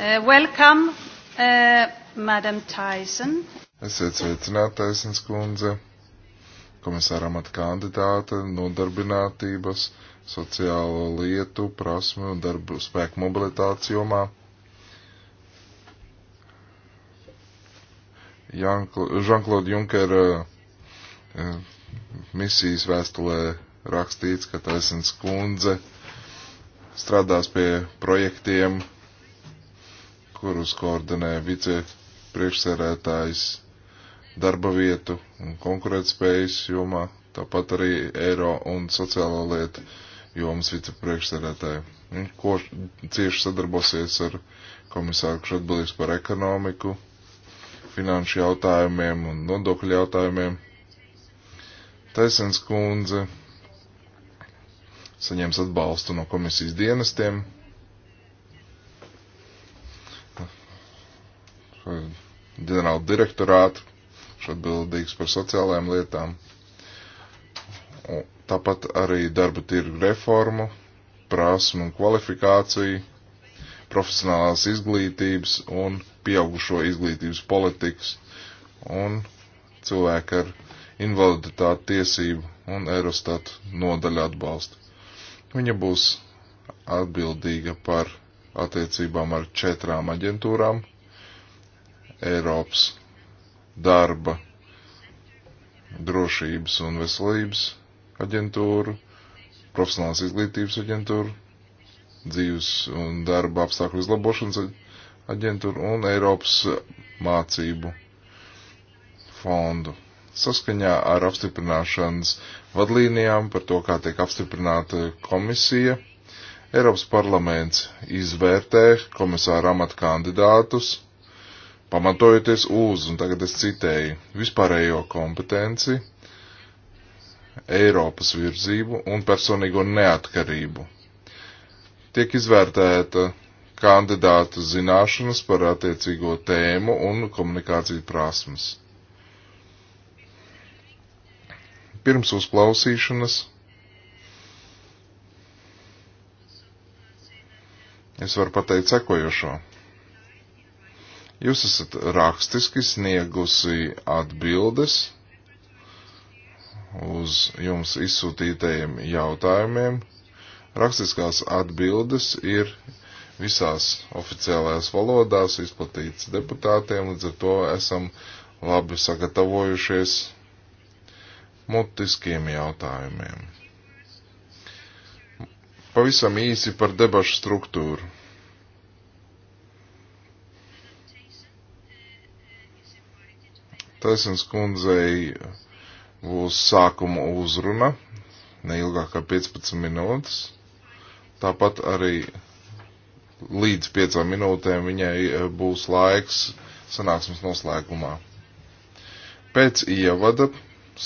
Uh, welcome, uh, Madam Tyson. Esiet sveicināti, Taisnes kundze komisāra amata kandidāta nodarbinātības, sociālo lietu, prasmu un darbu spēku mobilitātes jomā. Jean-Claude Juncker eh, eh, misijas vēstulē rakstīts, ka taisnība skundze strādās pie projektiem, kurus koordinē vicepriekšsēdētājs darba vietu un konkurētspējas jomā, tāpat arī eiro un sociālo lietu jomas vicepriekšsēdētāju. Viņš ko cieši sadarbosies ar komisāru, kurš atbildīgs par ekonomiku, finanšu jautājumiem un nodokļu jautājumiem. Taisens kundze saņems atbalstu no komisijas dienestiem. ģenerāla direktorātu kurš atbildīgs par sociālajām lietām. Tāpat arī darba tirgu reformu, prasmu un kvalifikāciju, profesionālās izglītības un pieaugušo izglītības politikas un cilvēku ar invaliditāti tiesību un Eurostatu nodaļu atbalstu. Viņa būs atbildīga par attiecībām ar četrām aģentūrām - Eiropas darba, drošības un veselības aģentūru, profesionālās izglītības aģentūru, dzīves un darba apstākļu uzlabošanas aģentūru un Eiropas mācību fondu. Saskaņā ar apstiprināšanas vadlīnijām par to, kā tiek apstiprināta komisija, Eiropas parlaments izvērtē komisāra amata kandidātus pamatojoties uz, un tagad es citēju, vispārējo kompetenci, Eiropas virzību un personīgo neatkarību. Tiek izvērtēta kandidātu zināšanas par attiecīgo tēmu un komunikāciju prasmes. Pirms uzklausīšanas es varu pateikt sekojošo. Jūs esat rakstiski sniegusi atbildes uz jums izsūtītajiem jautājumiem. Rakstiskās atbildes ir visās oficiālajās valodās izplatīts deputātiem, līdz ar to esam labi sagatavojušies mutiskiem jautājumiem. Pavisam īsi par debašu struktūru. Taisnības kundzei būs sākuma uzruna, neilgāk kā 15 minūtes. Tāpat arī līdz 5 minūtēm viņai e, būs laiks sanāksmes noslēgumā. Pēc ievada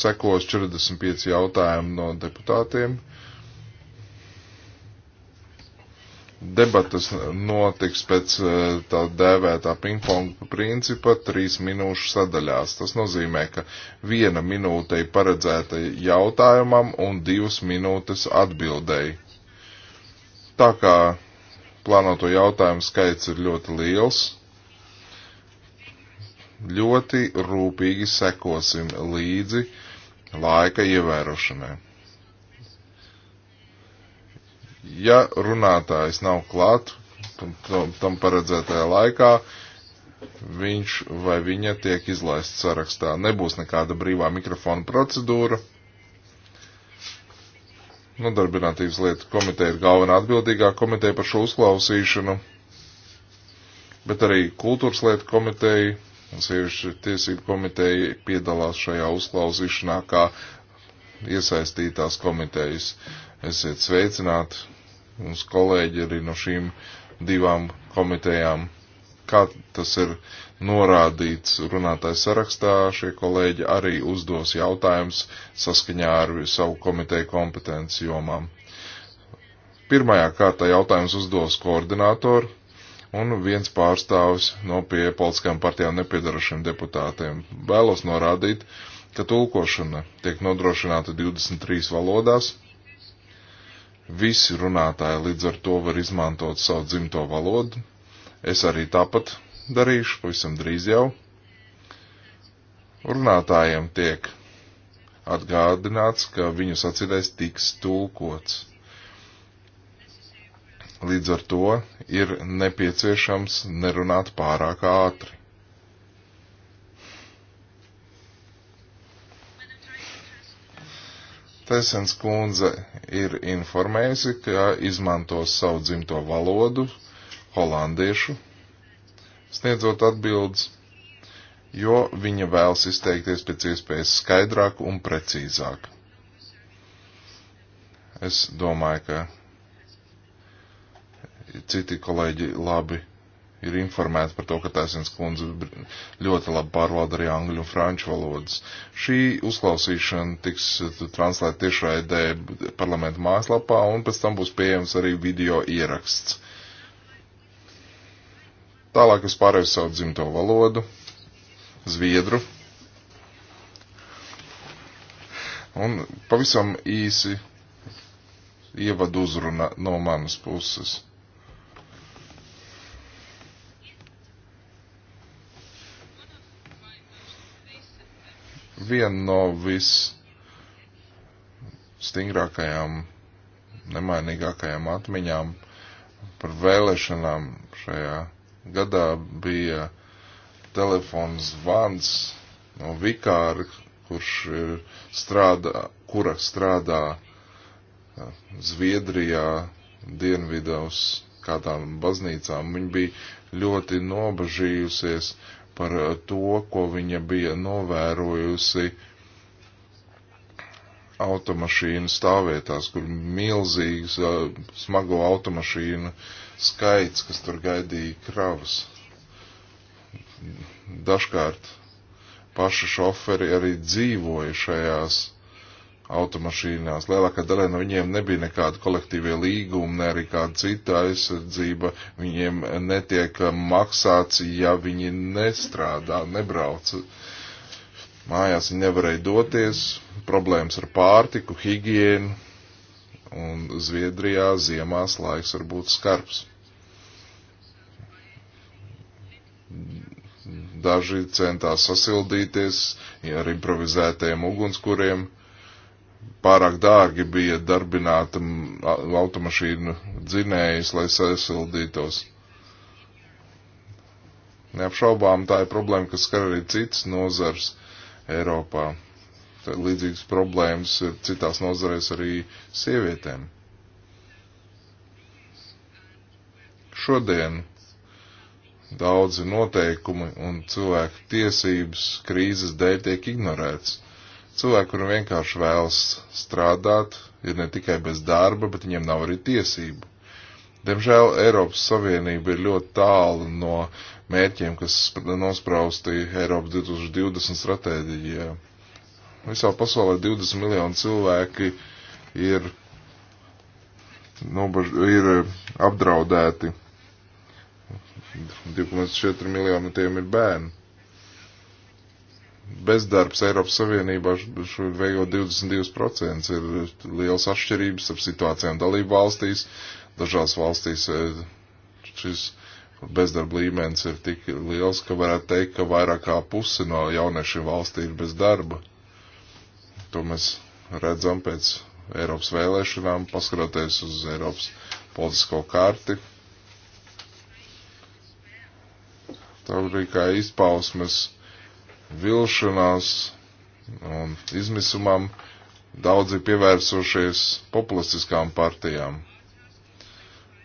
sekos 45 jautājumu no deputātiem Debatas notiks pēc e, tā dēvētā pingpong principa trīs minūšu sadaļās. Tas nozīmē, ka viena minūte ir paredzēta jautājumam un divas minūtes atbildēji. Tā kā plānoto jautājumu skaits ir ļoti liels, ļoti rūpīgi sekosim līdzi laika ievērošanai. Ja runātājs nav klāt tam, tam paredzētajā laikā, viņš vai viņa tiek izlaists sarakstā. Nebūs nekāda brīvā mikrofona procedūra. Nodarbinātības lietu komiteja ir galvenā atbildīgā komiteja par šo uzklausīšanu, bet arī kultūras lietu komiteja un sieviešu tiesību komiteja piedalās šajā uzklausīšanā kā iesaistītās komitejas. Esiet sveicināti, mums kolēģi arī no šīm divām komitejām. Kā tas ir norādīts runātājs sarakstā, šie kolēģi arī uzdos jautājums saskaņā ar savu komiteju kompetenci jomām. Pirmajā kārtā jautājums uzdos koordinātori un viens pārstāvis no pie politiskajām partijām nepiedarošiem deputātiem. Vēlos norādīt, ka tulkošana tiek nodrošināta 23 valodās. Visi runātāji līdz ar to var izmantot savu dzimto valodu. Es arī tāpat darīšu, pavisam drīz jau. Runātājiem tiek atgādināts, ka viņu sacīdais tiks tulkots. Līdz ar to ir nepieciešams nerunāt pārāk ātri. Tesens kundze ir informējusi, ka izmantos savu dzimto valodu, holandiešu, sniedzot atbildes, jo viņa vēlas izteikties pēc iespējas skaidrāk un precīzāk. Es domāju, ka citi kolēģi labi ir informēta par to, ka Taisins kundze ļoti labi pārvalda arī angļu un franču valodas. Šī uzklausīšana tiks translēta tiešraidē parlamenta mājaslapā un pēc tam būs pieejams arī video ieraksts. Tālāk es pārēju savu dzimto valodu, zviedru. Un pavisam īsi ievadu uzruna no manas puses. viena no vis stingrākajām, nemainīgākajām atmiņām par vēlēšanām šajā gadā bija telefons zvans no vikāra, kurš strādā, kura strādā Zviedrijā dienvidos kādām baznīcām. Viņa bija ļoti nobažījusies, par eh, to, ko viņa bija novērojusi automašīnu stāvvietās, kur milzīgs eh, smago automašīnu skaits, kas tur gaidīja kravas. Dažkārt paši šoferi arī dzīvoja šajās automašīnās. Lielākā daļa no viņiem nebija nekāda kolektīvie līguma, ne arī kāda cita aizsardzība. Viņiem netiek maksāts, ja viņi nestrādā, nebrauc. Mājās viņi nevarēja doties, problēmas ar pārtiku, higienu, un Zviedrijā ziemās laiks var būt skarbs. Daži centās sasildīties ar improvizētajiem ugunskuriem pārāk dārgi bija darbināt automašīnu dzinējus, lai sasildītos. Neapšaubām tā ir problēma, kas skar arī citas nozars Eiropā. Tad līdzīgas problēmas ir citās nozarēs arī sievietēm. Šodien daudzi noteikumi un cilvēku tiesības krīzes dēļ tiek ignorēts Cilvēki, kuri vienkārši vēlas strādāt, ir ne tikai bez darba, bet viņiem nav arī tiesību. Diemžēl Eiropas Savienība ir ļoti tālu no mērķiem, kas nosprausti Eiropas 2020 stratēģijā. Visā pasaulē 20 miljoni cilvēki ir, nobaž, ir eh, apdraudēti. 2,4 miljoni tiem ir bērni bezdarbs Eiropas Savienībā šobrīd veido 22%. Ir liels atšķirības ar situācijām dalību valstīs. Dažās valstīs e, šis bezdarba līmenis ir tik liels, ka varētu teikt, ka vairāk kā pusi no jauniešiem valstī ir bez darba. To mēs redzam pēc Eiropas vēlēšanām, paskatoties uz Eiropas politisko karti. Tā arī kā izpausmes vilšanās un izmisumam daudzi pievērsušies populistiskām partijām.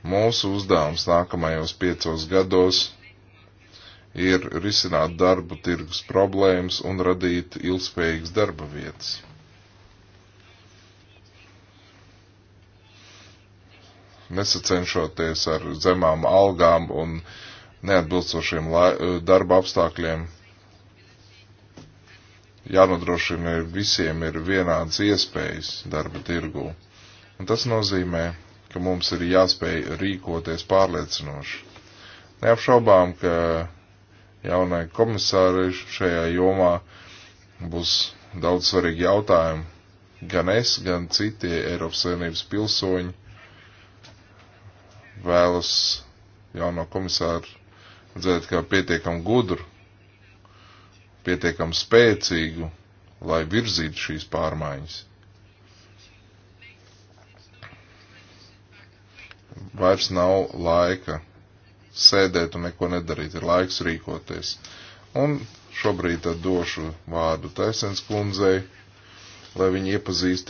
Mūsu uzdevums nākamajos piecos gados ir risināt darbu tirgus problēmas un radīt ilgspējīgas darba vietas. Nesacenšoties ar zemām algām un neatbilstošiem darba apstākļiem, jānodrošina visiem ir vienādas iespējas darba tirgū. Un tas nozīmē, ka mums ir jāspēj rīkoties pārliecinoši. Neapšaubām, ka jaunai komisārai šajā jomā būs daudz svarīgi jautājumi. Gan es, gan citi Eiropas Savienības pilsoņi vēlas jauno komisāru redzēt kā pietiekam gudru pietiekam spēcīgu, lai virzītu šīs pārmaiņas. Vairs nav laika sēdēt un neko nedarīt, ir laiks rīkoties. Un šobrīd tad došu vārdu Taisens kundzei, lai viņi iepazīst